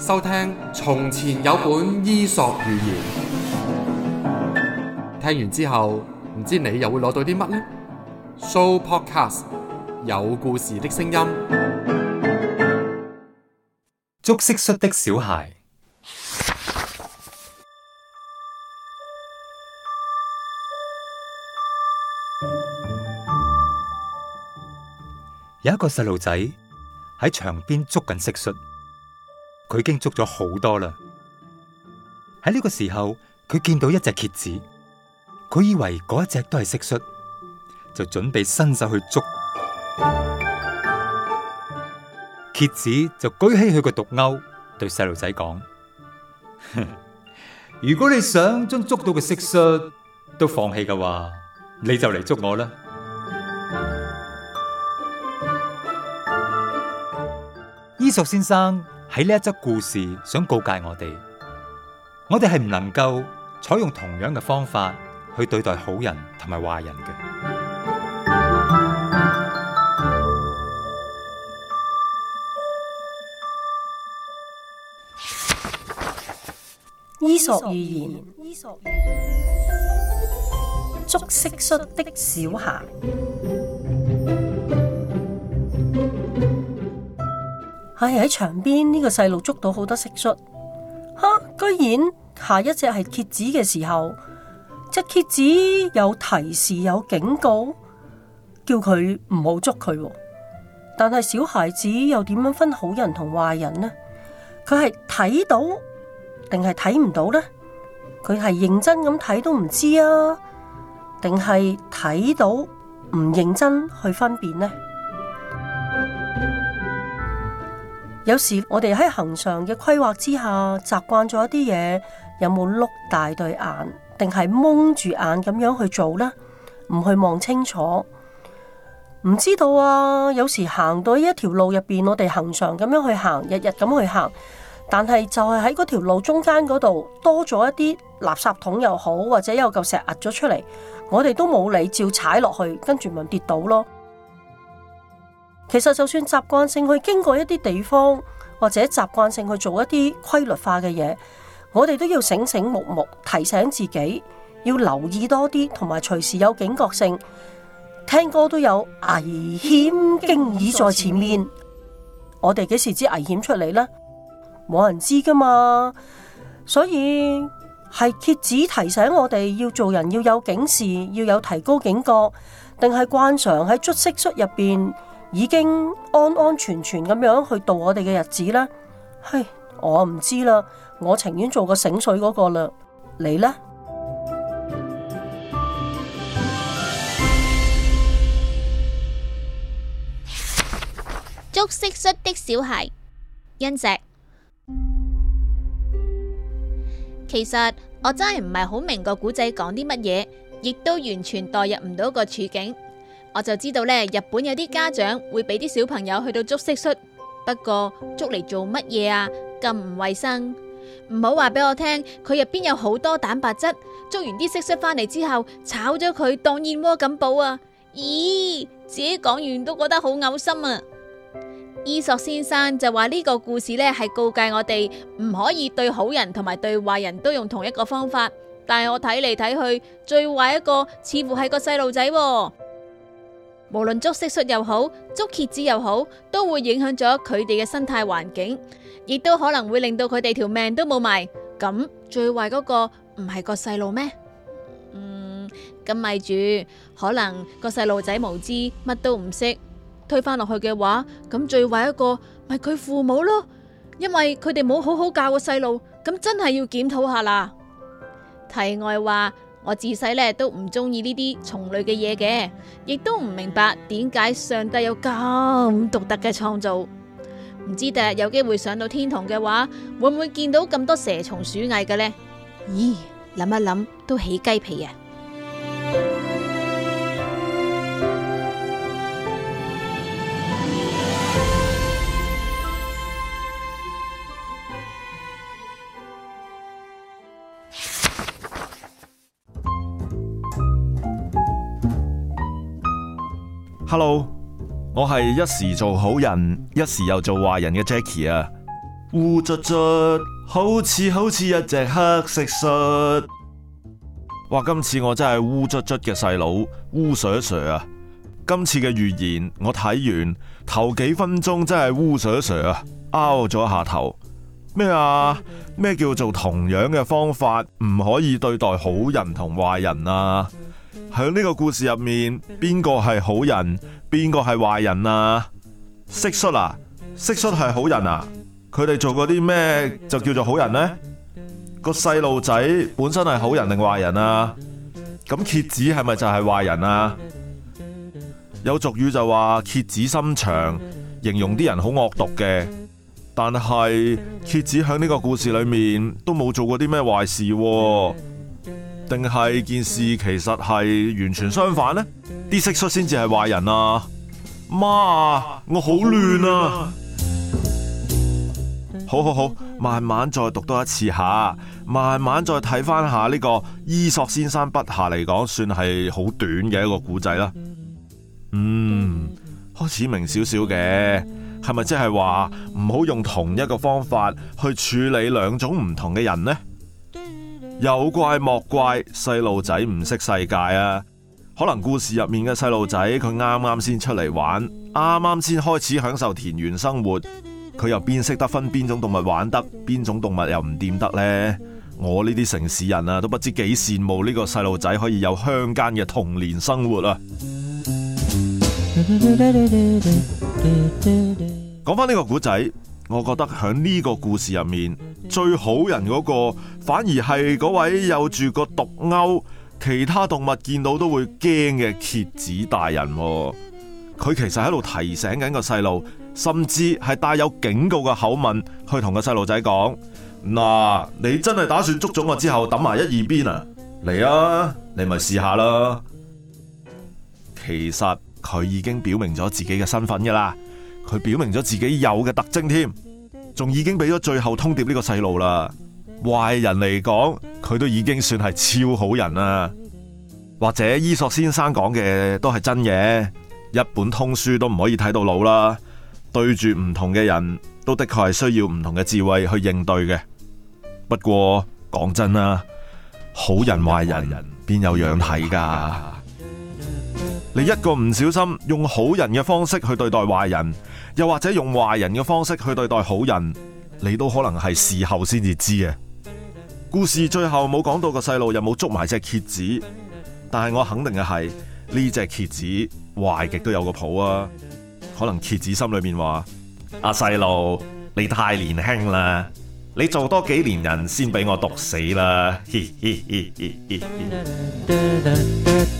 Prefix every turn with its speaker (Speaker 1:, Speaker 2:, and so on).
Speaker 1: 收聽從前有本伊索寓言，聽完之後唔知你又會攞到啲乜呢？Sooopodcast 有故事的聲音，捉蟋蟀的小孩。有一個細路仔喺牆邊捉緊蟋蟀。佢已經捉咗好多啦！喺呢個時候，佢見到一隻蠍子，佢以為嗰一隻都係蟋蟀，就準備伸手去捉。蠍子就舉起佢個毒鈎，對細路仔講：哼，如果你想將捉到嘅蟋蟀都放棄嘅話，你就嚟捉我啦，伊索 先生。喺呢一則故事，想告誡我哋，我哋係唔能夠採用同樣嘅方法去對待好人同埋壞人嘅。
Speaker 2: 伊索寓言：伊索寓言，捉蟋蟀的小孩。係喺牆邊呢個細路捉到好多蟋蟀，吓、啊、居然下一隻係蝎子嘅時候，隻蝎子有提示有警告，叫佢唔好捉佢。但係小孩子又點樣分好人同壞人呢？佢係睇到定係睇唔到呢？佢係認真咁睇都唔知啊，定係睇到唔認真去分辨呢？有時我哋喺恆常嘅規劃之下，習慣咗一啲嘢，有冇碌大對眼，定係蒙住眼咁樣去做呢？唔去望清楚，唔知道啊！有時行到一條路入邊，我哋恆常咁樣去行，日日咁去行，但係就係喺嗰條路中間嗰度多咗一啲垃圾桶又好，或者有嚿石壓咗出嚟，我哋都冇理，照踩落去，跟住咪跌倒咯。其實就算習慣性去經過一啲地方，或者習慣性去做一啲規律化嘅嘢，我哋都要醒醒目目，提醒自己要留意多啲，同埋隨時有警覺性。聽歌都有危險經已在前面，前面我哋幾時知危險出嚟呢？冇人知㗎嘛，所以係蠍子提醒我哋要做人要有警示，要有提高警覺，定係慣常喺卒色室入邊。已經安安全全咁樣去度我哋嘅日子啦。嘿，我唔知啦，我情願做個醒水嗰個啦，你呢？
Speaker 3: 捉蟋蟀的小孩，欣石。其實我真係唔係好明個古仔講啲乜嘢，亦都完全代入唔到個處境。我就知道咧，日本有啲家長會俾啲小朋友去到捉蟋蟀，不過捉嚟做乜嘢啊？咁唔衛生，唔好話俾我聽。佢入邊有好多蛋白質，捉完啲蟋蟀翻嚟之後炒咗佢當燕窩咁補啊？咦，自己講完都覺得好嘔心啊。伊索先生就話呢個故事咧係告誡我哋唔可以對好人同埋對壞人都用同一個方法。但係我睇嚟睇去，最壞一個似乎係個細路仔。無論捉蟋蟀又好，捉蠍子又好，都會影響咗佢哋嘅生態環境，亦都可能會令到佢哋條命都冇埋。咁最壞嗰個唔係個細路咩？嗯，咁咪住，可能個細路仔無知，乜都唔識，推返落去嘅話，咁最壞一個咪佢父母咯，因為佢哋冇好好教個細路，咁真係要檢討下啦。題外話。我自細咧都唔中意呢啲蟲類嘅嘢嘅，亦都唔明白點解上帝有咁獨特嘅創造。唔知第日有機會上到天堂嘅話，會唔會見到咁多蛇蟲鼠蟻嘅咧？咦，諗一諗都起雞皮啊！
Speaker 1: Hello，我係一時做好人，一時又做壞人嘅 Jacky 啊，烏卒卒好似好似一隻黑色恤。哇，今次我真係烏卒卒嘅細佬烏傻傻啊！今次嘅預言我睇完頭幾分鐘真係烏傻傻啊，拗咗下頭。咩啊？咩叫做同樣嘅方法唔可以對待好人同壞人啊？喺呢個故事入面，邊個係好人，邊個係壞人啊？蟋蟀啊，蟋蟀係好人啊？佢哋做過啲咩就叫做好人呢？個細路仔本身係好人定壞人啊？咁蠍子係咪就係壞人啊？有俗語就話蠍子心腸，形容啲人好惡毒嘅。但係蠍子喺呢個故事裏面都冇做過啲咩壞事啊。定係件事其實係完全相反呢？啲蟋蟀先至係壞人啊！媽，我好亂啊！好好好，慢慢再讀多一次下，慢慢再睇翻下呢個伊索先生筆下嚟講，算係好短嘅一個古仔啦。嗯，開始明少少嘅，係咪即係話唔好用同一個方法去處理兩種唔同嘅人呢？有怪莫怪，細路仔唔識世界啊！可能故事入面嘅細路仔佢啱啱先出嚟玩，啱啱先開始享受田園生活，佢又邊識得分邊種動物玩得，邊種動物又唔掂得呢？我呢啲城市人啊，都不知幾羨慕呢個細路仔可以有鄉間嘅童年生活啊！講翻呢個古仔，我覺得響呢個故事入面。最好人嗰個，反而係嗰位有住個毒鈎，其他動物見到都會驚嘅蠍子大人。佢其實喺度提醒緊個細路，甚至係帶有警告嘅口吻去同個細路仔講：嗱，你真係打算捉咗我之後抌埋一二邊啊？嚟啊，你咪試下啦。其實佢已經表明咗自己嘅身份噶啦，佢表明咗自己有嘅特徵添。仲已經俾咗最後通牒呢個細路啦，壞人嚟講，佢都已經算係超好人啦。或者伊索先生講嘅都係真嘢，一本通書都唔可以睇到老啦。對住唔同嘅人都的確係需要唔同嘅智慧去應對嘅。不過講真啦，好人壞人人邊奇有樣睇㗎？你一個唔小心用好人嘅方式去對待壞人，又或者用壞人嘅方式去對待好人，你都可能係事後先至知嘅。故事最後冇講到個細路有冇捉埋隻蠍子，但係我肯定嘅係呢隻蠍子壞極都有個譜啊！可能蠍子心裏面話：阿細路，你太年輕啦，你做多幾年人先俾我毒死啦！
Speaker 2: 嘿嘿嘿嘿嘿嘿